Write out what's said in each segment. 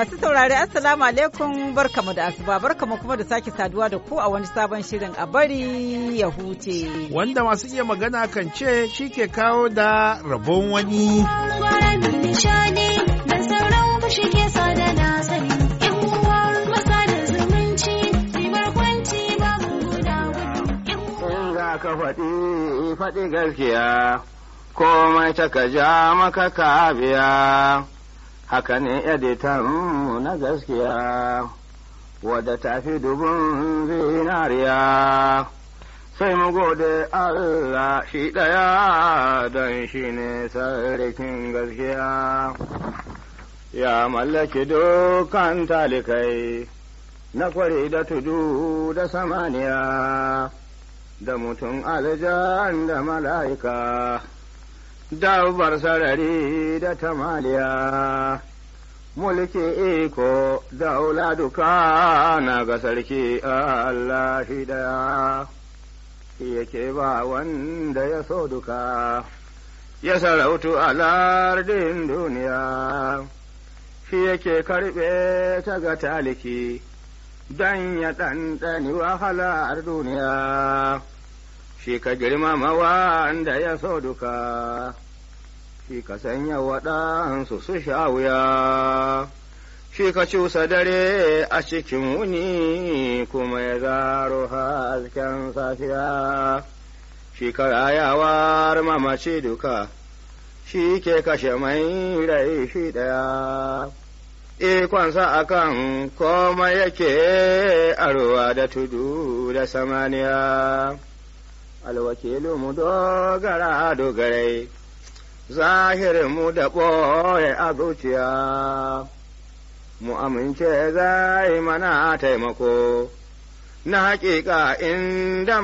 Masu saurari Assalamu alaikum barkamu da asuba barkamu kuma da sake saduwa da ku a wani sabon shirin a bari ya huce. Wanda masu iya magana kan ce shi ke kawo da rabon wani. Ka faɗi faɗi gaskiya, komai ta ka ja maka ka biya. haka ne mu na gaskiya wadda tafi dubun zinariya sai mu gode Allah shi ɗaya don shi ne sarrakin gaskiya ya mallaki dukkan talikai na kware da tudu da samaniya da mutum aljan da mala'ika dabbar sarari da tamaliya mulki iko daula duka na ga sarki Allah shi daya shi yake ba wanda ya so duka ya sarautu a lardin duniya shi yake karɓe ta ga taliki don ya ɗanɗani wahalar duniya shi ka girmama wanda ya so duka, shi ka sanya waɗansu su sha wuya, shi ka cusa dare a cikin wuni kuma ya zaro hasken safiya, shi ka rayawar mamaci duka, shi ke kashe mai rai shi ɗaya. Ikonsa a kan koma yake a ruwa da tudu da samaniya. alwakilu mu dogara dogarai zahirin mu da ɓoye a zuciya mu amince zai mana taimako na haƙiƙa inda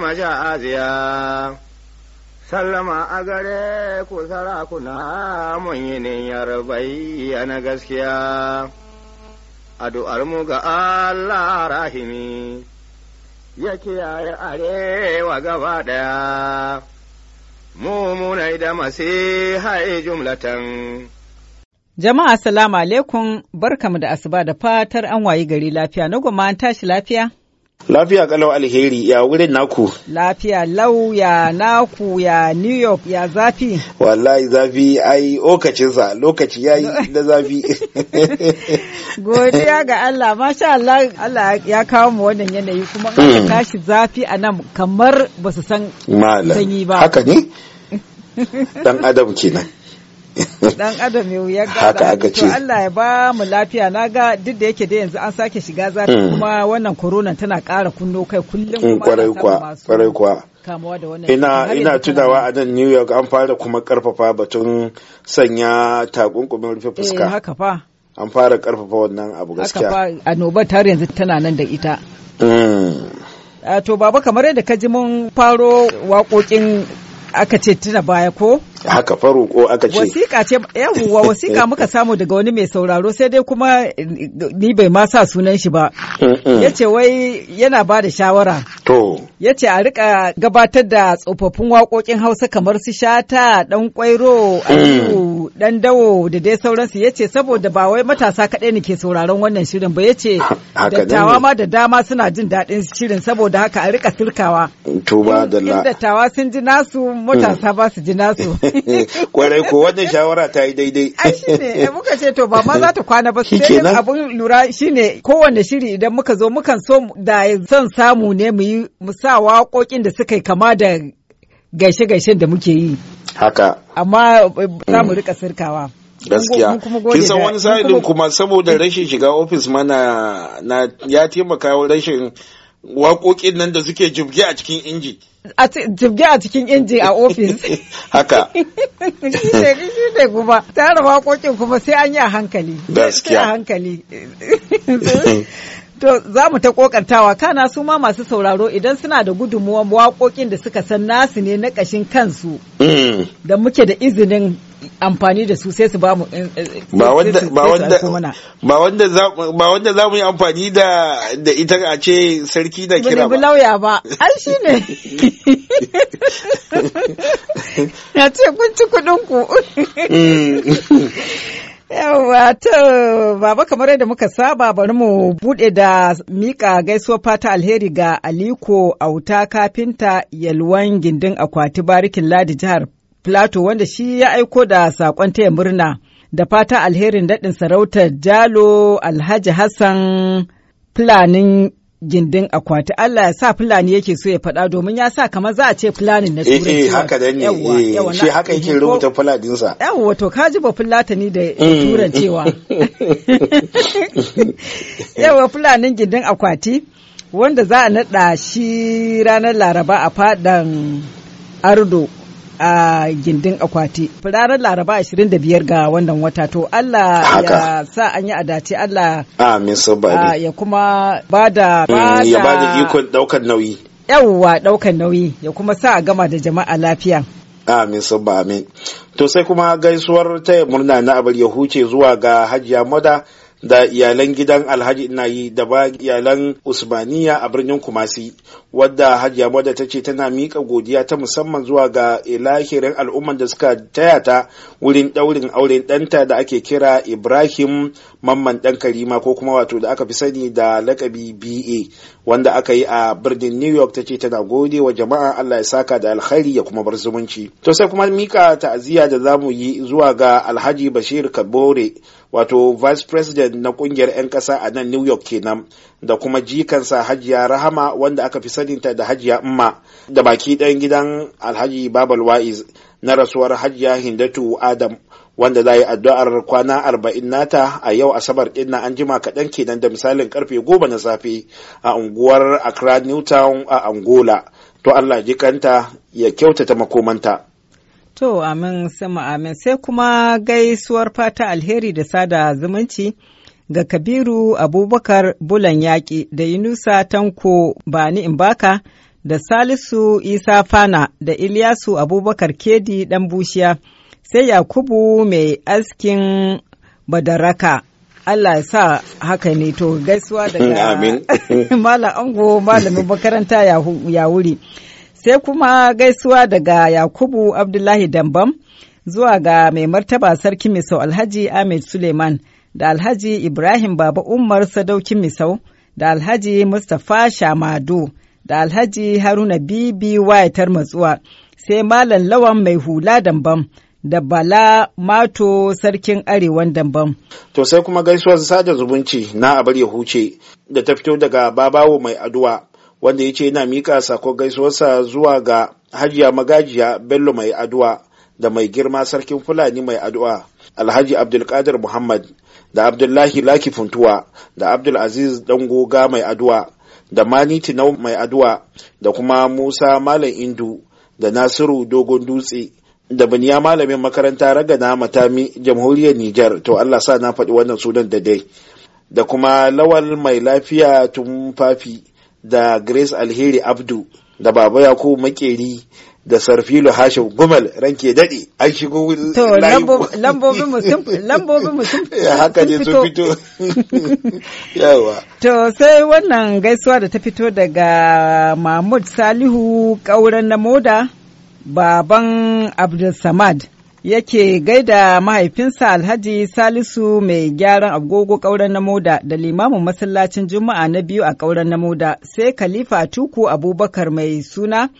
aziya sallama a gare ku sarakuna mun yi niyyar bayyana gaskiya addu'ar mu ga Allah rahimi ya kiyaye arewa gaba ɗaya, mummunai da ha'ye jumlatan. Jama'a salamu alaikum barkamu da asuba da fatar an wayi gari lafiya, na goma an tashi lafiya? Lafiya kalau alheri ya wurin naku. Lafiya lau ya naku ya New York ya zafi. Wallahi zafi ai okacinsa lokaci ya yi da zafi. Godiya ga Allah masha Allah Allah ya kawo mu wannan yanayi kuma aka hmm. tashi zafi a nan kamar ba su san sanyi ba. Haka ne? Dan adam kenan. dan adam ya ga haka aka Allah ya ba mu lafiya na ga duk da yake da yanzu an sake shiga zafi hmm. kuma wannan corona tana ƙara kunno kai kullum hmm, kwarai kwa kwarai kwa ina ina tunawa a nan New York an fara kuma karfafa batun sanya takunkumin rufe eh, fuska eh haka fa an fara karfafa wannan abu gaskiya haka fa annoba tar yanzu tana nan da ita hmm. eh, to baba kamar yadda ka ji mun faro waƙoƙin aka ce tuna baya ko haka faru ko aka ce wasiƙa ce yawwa wasiƙa muka samu daga wani mai sauraro sai dai kuma ni bai ma sa sunan shi ba yace wai yana ba da shawara To. Ya ce a rika gabatar da tsofaffin waƙoƙin Hausa kamar su shata, ɗan ƙwairo, aliyu, hmm. ɗan dawo da dai sauransu ya ce saboda ba wai matasa kaɗai ne ke sauraron wannan shirin ba ya ce dattawa ma da dama suna jin daɗin shirin saboda haka a rika sirkawa. To ba da la. dattawa sun ji nasu matasa ba su ji nasu. Kwarai ko wannan shawara ta yi daidai. Ai shi ne eh, muka ce to ba ma za ta kwana ba. Shi kenan. Abin lura shi ne kowane shiri idan muka zo mukan so da son samu ne mu yi mu sa waƙoƙin da suka yi kama da gaishe-gaishen da muke yi. Haka. Amma za mu rika sirkawa. gaskiya kin san wani sa'ilin kuma saboda rashin shiga ofis mana na ya taimaka rashin waƙoƙin nan da suke jibge a cikin inji jibge a cikin inji a ofis haka shi ne kuma tare waƙoƙin kuma sai an yi a hankali gaskiya a hankali To za mu ta kokantawa kana su ma masu sauraro idan suna da gudunmuwan waƙoƙin da suka san nasu ne na ƙashin kansu mm. da muke da izinin amfani da su sai su ba mu ba wanda za mu yi amfani da ita a ce sarki da kira ba lauya ba ai shi ne ya ce kun ci kuɗin ku mm. Yawwa to baba kamar yadda muka saba bari mu bude da mika gaisuwa fata alheri ga Aliko Auta kafinta Yalwan gindin akwati barikin Ladi jihar Plateau wanda shi ya aiko da sakon taya murna da fata alherin daɗin sarautar Jalo Alhaji Hassan Fulanin gindin akwati Allah ya sa fulani yake so ya faɗa domin ya sa kamar za a ce fulani na eh, eh, turanci eh haka da ne shi haka yake rubuta fuladin sa yawa to ka ji ba ni da mm. turancewa yawa fulanin gindin akwati wanda za a naɗa shi ranar laraba a fadan ardo a gindin akwati firarar laraba 25 ga wannan wata to Allah ya sa an yi adace Allah amin ya kuma bada mm, ya bada ikon daukar nauyi yawwa daukar nauyi ya kuma sa a gama da jama'a lafiya Amin sabba amin. To sai kuma gaisuwar taya murna na abar ya huce zuwa ga hajiya moda da iyalan gidan alhaji inayi da ba iyalan usmaniya a birnin kumasi wadda hajiya mada ta ce tana miƙa godiya ta musamman zuwa ga ilahirin al'umman da suka taya ta wurin ɗaurin auren ɗanta da ake kira ibrahim mamman ɗan karima ko kuma wato da aka fi sani da lakabi ba wanda aka yi a birnin New York ta ce tana gode wa jama'a Allah ya saka da alkhairi ya kuma bar zumunci. To sai kuma mika ta'aziyya da za mu yi zuwa ga Alhaji Bashir Kabore wato Vice President na kungiyar 'yan ƙasa a nan New York kenan da kuma jikansa Hajiya Rahama wanda aka fi saninta da Hajiya Umma da baki ɗan gidan Alhaji Babal Wa'iz na rasuwar Hajiya Hindatu Adam wanda za a yi addu'ar kwana arba'in nata a yau asabar din na an jima kaɗan kenan da misalin karfe goma na safe a unguwar accra newtown a angola to allah jikanta ya kyautata makomanta to amin sama amin sai kuma gaisuwar fata alheri da sada zumunci ga kabiru abubakar bulan yaƙi da yunusa tanko bani in imbaka da salisu isa fana da iliyasu abubakar kedi dan bushiya sai Yakubu mai askin badaraka. Allah ya sa haka ne to gaisuwa daga Malam Ango malamin makaranta ya wuri. Sai kuma gaisuwa daga Yakubu Abdullahi Dambam zuwa ga mai martaba sarki Misau Alhaji Ahmed Suleiman da Alhaji Ibrahim Baba Umar Sadauki Misau da Alhaji Mustapha Shamadu da Alhaji Haruna Bibi Wayatar Matsuwa sai Malam Lawan Mai Hula Dambam. da Bala Mato Sarkin Arewan Dambam. To sai kuma gaisuwar sada zumunci na abar ya huce da ta fito daga babawo mai aduwa wanda ya ce yana miƙa sako gaisuwarsa zuwa ga hajiya magajiya Bello mai aduwa da mai girma sarkin Fulani mai addu'a, Alhaji Abdulkadir Muhammad da Abdullahi Laki Funtuwa da Abdul aziz Dangoga mai aduwa da Mani Tinau mai addu'a da kuma Musa Malam Indu da Nasiru Dogon Dutse da baniya malamin makaranta ragana matami jamhuriyar Nijar to Allah sa na faɗi wannan sunan da dai da kuma lawal mai lafiya tumfafi da Grace Alheri Abdu da Baba Yakubu Makeri da Sarfilo Hashim Gumal ranke daɗe an shigo to lambobin mutum sun lambobin haka ne sun fito yawa to sai wannan gaisuwa da ta fito daga Mahmud Salihu kauran na moda baban Abdulsamad yake gaida mahaifinsa Alhaji Salisu mai gyaran agogo ƙauren Namoda da limamin masallacin Juma'a na biyu a ƙauren Namoda sai Khalifa Tuku Abubakar mai suna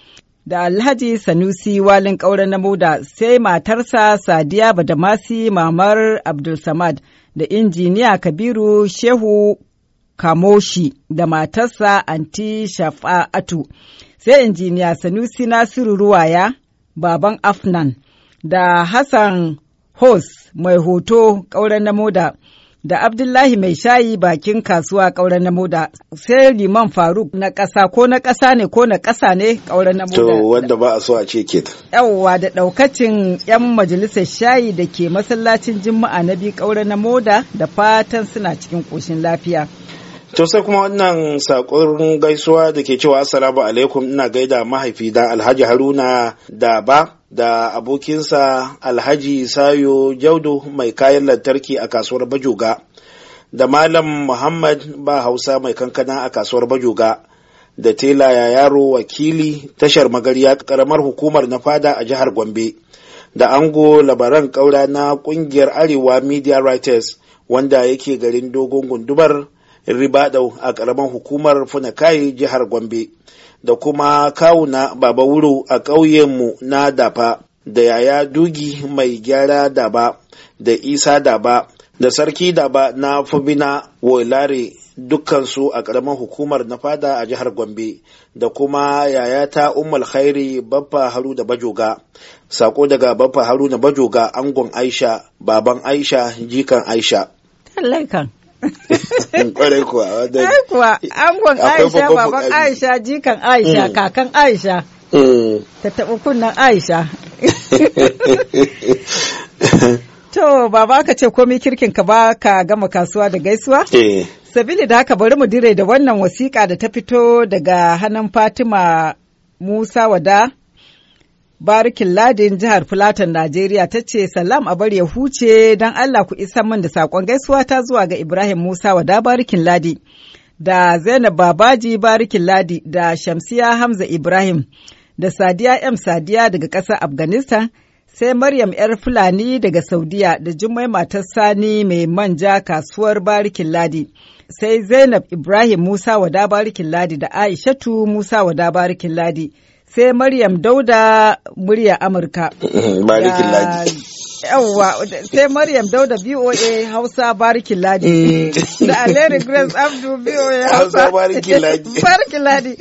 da Alhaji Sanusi walin ƙauren Namoda sai matarsa Sadiya Badamasi mamar Abdulsamad da injiniya Kabiru Shehu Kamoshi da matarsa Anti Shafa'atu. sai injiniya Sanusi Nasiru Ruwaya, baban Afnan, da Hassan Hos mai hoto ƙauren na moda, da Abdullahi mai shayi bakin kasuwa ƙauren na moda, sai Liman Faruk na ƙasa ko na ƙasa ne ko na ƙasa ne ƙauren na moda. To wanda ba a so a ce ke Yawwa da ɗaukacin 'yan majalisar shayi da ke masallacin Juma'a na biyu ƙauren na moda da fatan suna cikin ƙoshin lafiya. To sai kuma wannan sakon gaisuwa da ke cewa assalamu alaikum ina gaida mahaifi da Alhaji Haruna da ba da abokinsa Alhaji Sayo Jaudu mai kayan lantarki a kasuwar Bajoga da Malam Muhammad ba Hausa mai kankana a kasuwar Bajoga da tela ya yaro wakili tashar magariya karamar hukumar na fada a jihar Gombe da ango labaran kaura na kungiyar Arewa Media Writers wanda yake garin dogon gundumar Riba ribadau a ƙaramin hukumar funakai jihar gombe da kuma kawuna baba wuro a ƙauyenmu na dafa da yaya dugi mai gyara daba da isa daba da sarki daba na fubina wolare dukkansu a ƙaramin hukumar na fada a jihar gombe da kuma yayata ummul khairi baffa haru da bajoga sako daga baffa haru na bajoga angon aisha baban aisha jikan aisha kwarai kuwa wadda kuwa angon aisha baban aisha jikan aisha mm. kakan aisha mm. ta taɓa kunnan aisha to ba ba ka ce komi kirkin ka ba ka gama kasuwa da gaisuwa eh. sabili da haka bari mu dire da wannan wasiƙa da ta fito daga hannun fatima musa wada Barikin Ladin jihar Filatan Najeriya ta ce salam a bari ya huce don Allah ku isa min da saƙon gaisuwa ta zuwa ga Ibrahim Musa wa da Barikin Ladi da Zainab Babaji Barikin Ladi da Shamsiya Hamza Ibrahim da Sadiya M Sadiya daga ƙasar Afghanistan sai Maryam 'yar Fulani daga Saudiya da Jummai matar Sani mai manja kasuwar Barikin Ladi. Sai Zainab Ibrahim Musa wa da Barikin Ladi da Aishatu Musa wa da Barikin Ladi. sai Maryam Dauda murya Amurka. Barikin Ladi. Yawwa, sai Maryam Dauda BOA Hausa Barikin Ladi. Da Aleri Grace Abdu BOA Hausa Barikin Ladi. Barikin Ladi.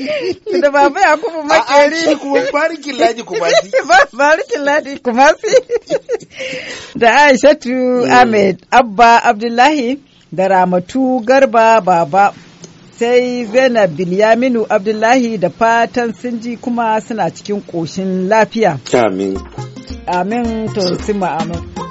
Da Baba Yakubu Makeri. A'a, kuma Barikin Ladi Kumasi. Barikin Ladi Kumasi. Da Aishatu mm. Ahmed Abba Abdullahi. Da Ramatu Garba Baba sai zainab bilyaminu abdullahi da fatan sun ji kuma suna cikin ƙoshin lafiya amin amin to amin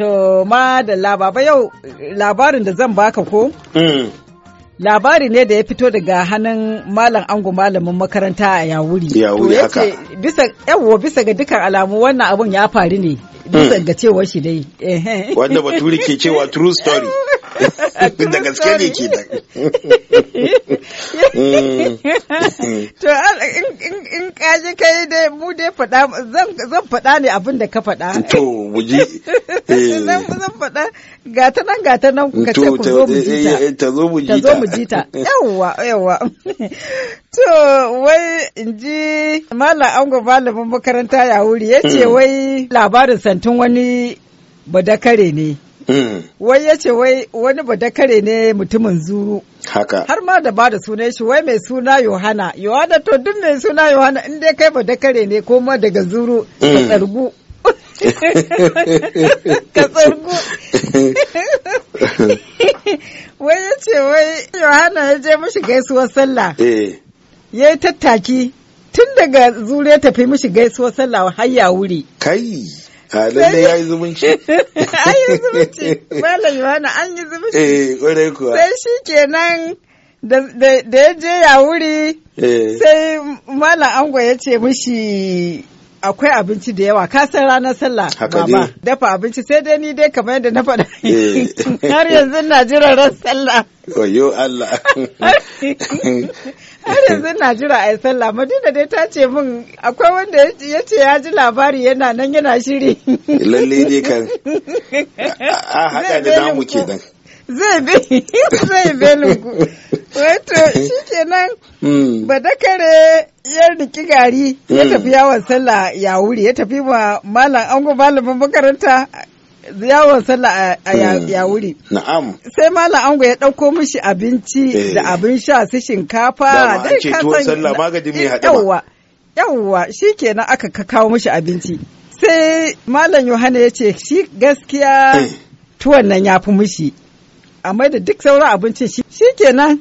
To ma da lababa yau labarin da zan baka ko? Mm. Labari ne da ya fito daga hannun malam ango malamin makaranta a yawuri. Yawuri haka. Bisa bisa ga dukkan alamu wannan abun ya faru ne. Bisa mm. ga cewar shi dai. Wanda baturi ke cewa true story. da gaske ne ke da to in kaji kai dai mu dai faɗa zan faɗa ne abin da ka faɗa to wuji eh. zan faɗa ta nan ga ta nan ka ce ku zo mu ji ta zo mu jita ta zo mu ta. yawwa yawwa to wai in ji malam ango malamin makaranta ya wuri ya ce hmm. wai labarin santun wani badakare ne Mm. Wai ya ce wai wani badakare ne mutumin zuru. Haka. Har ma da ba da sunan shi wai mai suna Yohana. Yohana to duk mai suna Yohana in dai kai badakare ne ko ma daga zuru ka mm. tsargu. Ka tsargu. Wai ya ce wai Yohana ya je mashi gaisuwar sallah. Eh. Ya yi tattaki tun daga ya tafi mishi gaisuwar sallah har ya wuri. Kai. a lalle ya yi zumunci an yi zumunci malam yohana an yi zumunci eh kwarai kuwa sai shi kenan da ya je ya wuri eh. sai malam ango ya ce mishi akwai abinci da yawa ka san ranar sallah baba dafa abinci sai dai ni dai kamar yadda na faɗa eh. har yanzu na jira ran sallah wayo Allah har yanzu na jira a sallah madina dai ta ce min akwai wanda ya ce ya ji labari yana nan yana shiri lalle ne kan a haɗa da namu nan zai bi zai belinku Wato shi kenan hmm. ba da kare ya riki gari ya hmm. tafi yawon sallah ya wuri ya tafi ma malam ango malamin makaranta yawon sallah a hmm. ya wuri. Na'am. Sai malam ango ya ɗauko mishi abinci eh. da abin sha su shinkafa. Da ce tuwon sallah magani mai haɗama. Yawwa yawwa shi kenan aka kawo mishi abinci. Sai malam Yohana ya ce shi gaskiya eh. tuwon nan ya fi mishi. amma da duk sauran abincin shi kenan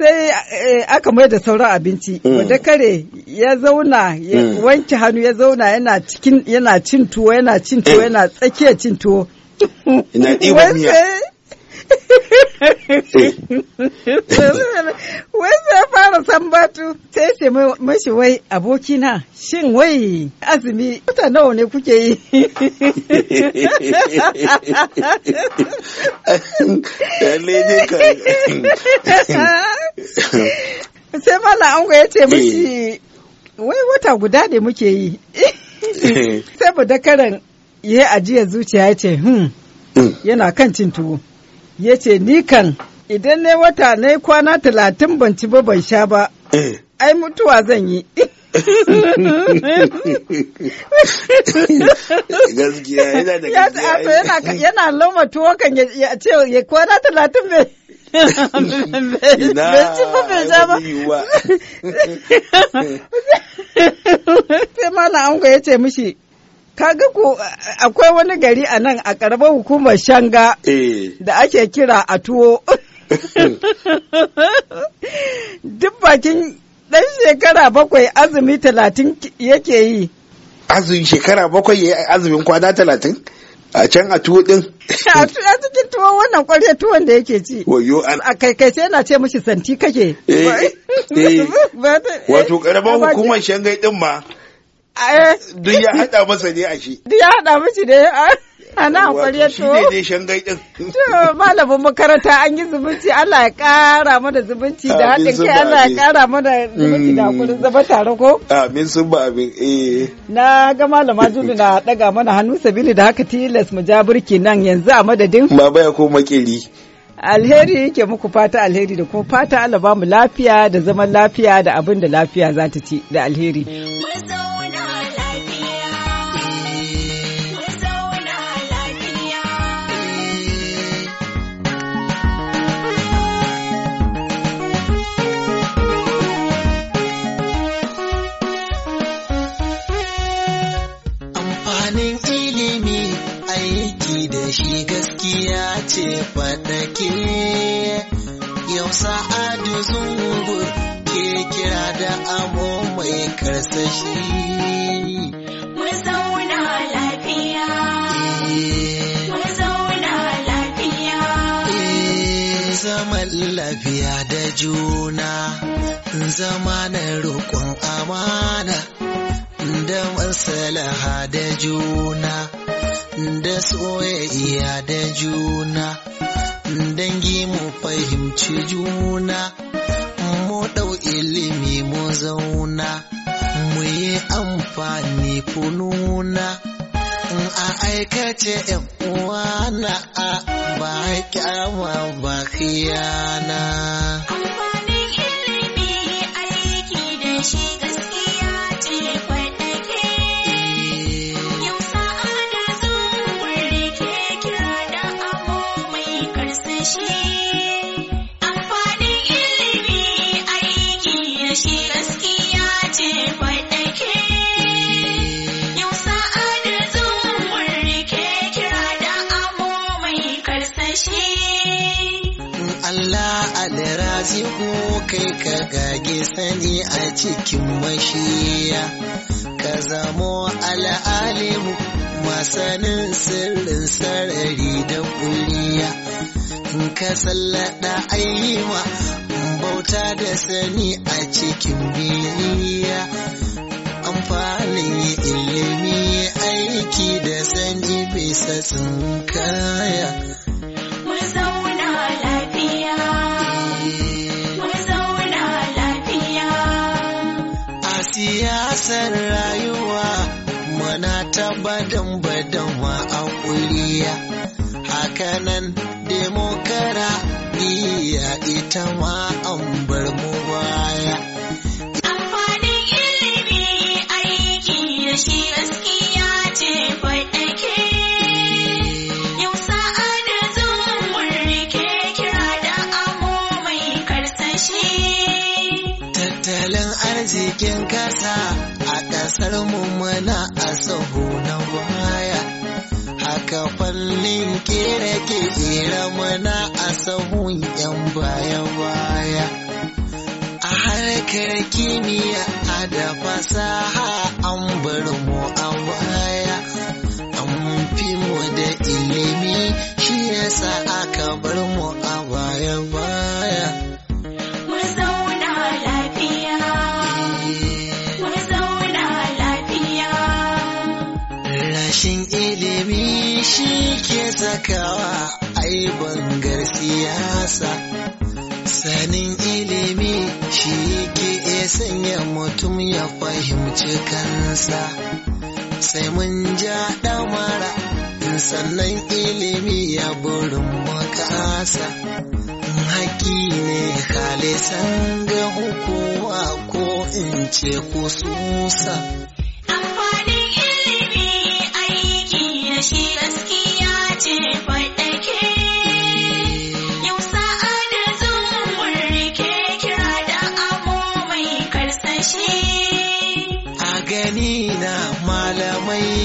sai eh, aka mai da sauran abinci mm. wadda kare ya zauna ya mm. wanke hannu ya zauna yana cin tuwo yana cin tuwo mm. yana tsakiyar cin tuwo ina wai sai fara san batu sai ce mashi wai abokina shin wai azumi kuta nawa ne kuke yi sai mala an ya ce mishi eh. wai wata guda ne muke yi sai mu dakaran ya yi ajiyar zuciya ya ce hmm. hmm yana kan cin tuwo ya ce ni kan idan ne wata na yi kwana talatin ban ci ba ban sha ba eh. ai mutuwa zan yi gaskiya yana da gaskiya yana lauma tuwo kan ya ce ya kwana talatin bai sai malam ango ya ce mishi kaga ku akwai wani gari a nan a karbar hukumar shanga eh. da ake kira a tuwo duk bakin ɗan shekara bakwai azumi talatin yake yi azumin shekara bakwai ya azumin kwana talatin a can a tuwo din a cikin tuwon wannan kwarya tuwon da yake ci wayo an a kai kai sai na ce mishi santi kake eh, eh. wato karamar hukumar shangai din ma duk ya hada masa ne a shi duk ya hada mishi ne ana ƙwarya to shi ne shangai din to malamin makaranta an yi zumunci Allah ya ƙara mana zumunci da haɗin kai Allah ya ƙara mana zumunci da mm. hakurin zama tare ko amin sun ba abin eh na ga malama Juli na daga mana hannu sabili da haka tilas mu ja burki nan yanzu a madadin baba ya ko makeri alheri yake muku fata alheri da kuma fata Allah ba mu lafiya da zaman lafiya da abin da lafiya za ta ci da alheri. faɗake yau sa'adu zungu ke kira da amo mai karsashi. Eh. Eh, zaman lafiya da juna zama na roƙon amana da masalaha da juna da soyayya da juna mu fahimci juna mu ɗau ilimi mu zauna mu yi amfani kununa in a aikace uwa na a ba kyama ba khiyana amfanin ilimi aiki da shiga raziku kai ka gage sani a cikin mashiya ka zamo al'alimu masanin sirrin sarari da kuliya in ka sallada ayyima bauta da sani a cikin biyayya amfanin ilimi aiki da sani bisa kaya. ta badan badan wa a kuriya hakanan demokara iya ita ma an bar mu baya amfanin ilimi aiki da shi gaskiya ce faɗake Tattalin arzikin ƙasa. a ƙasar mu muna a sahu na baya haka fallin kere ke tsira muna a sahun yan baya baya a harkar kimiyya a da fasaha an bar mu a baya sanya mutum ya fahimci kansa sai mun ja damara sannan ilimi ya burin makasa haƙi ne halisan ga hukuma ko in ce kususa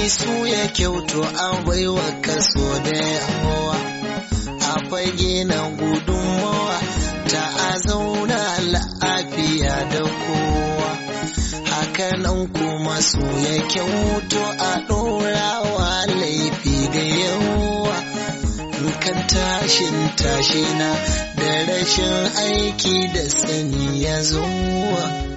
su ya kyautu a baiwa kaso da yawa a fage na gudunmawa ta a zauna la'afiya da kowa hakanan kuma su ya kyautu a ɗorawa laifi da yawa kan tashin tashina da rashin aiki da sani ya zuwa.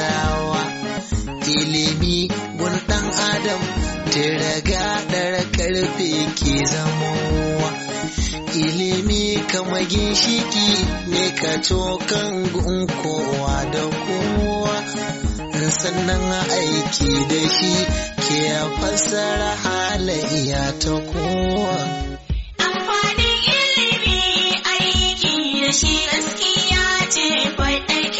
rawa ilimi gun ɗan adam tiraga ɗar karfe ke zamowa ilimi kama ginshiki ne ka cokan gun kowa da kowa sannan aiki da shi ke fassara halayya ta kowa amfanin ilimi aiki da shi gaskiya ce faɗaƙi